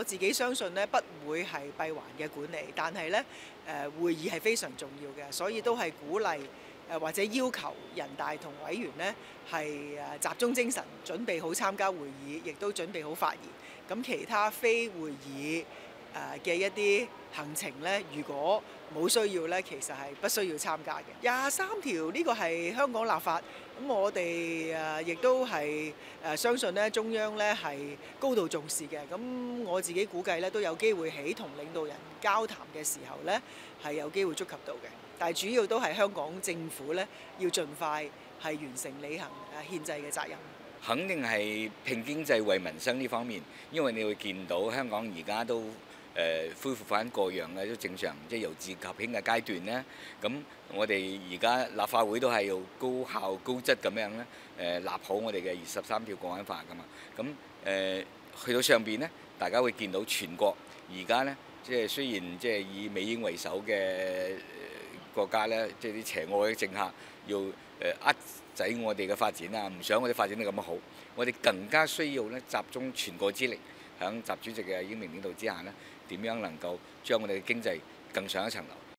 我自己相信呢，不會係閉環嘅管理，但係呢，誒會議係非常重要嘅，所以都係鼓勵誒或者要求人大同委員呢，係誒集中精神，準備好參加會議，亦都準備好發言。咁其他非會議誒嘅一啲行程咧，如果冇需要咧，其實係不需要參加嘅。廿三條呢個係香港立法，咁我哋誒亦都係誒相信咧中央咧係高度重視嘅。咁我自己估計咧都有機會喺同領導人交談嘅時候咧係有機會觸及到嘅。但係主要都係香港政府咧要盡快係完成履行誒憲制嘅責任。肯定係拼經濟為民生呢方面，因為你會見到香港而家都，誒恢復翻個樣嘅都正常，即係由治及興嘅階段咧。咁我哋而家立法會都係要高效高質咁樣咧，誒、呃、立好我哋嘅二十三條國安法噶嘛。咁誒、呃、去到上邊咧，大家會見到全國而家咧，即係雖然即係以美英為首嘅國家咧，即係啲邪惡嘅政客要誒遏制我哋嘅發展啦，唔想我哋發展得咁好。我哋更加需要咧集中全國之力。響習主席嘅英明領導之下咧，點樣能夠將我哋嘅經濟更上一層樓？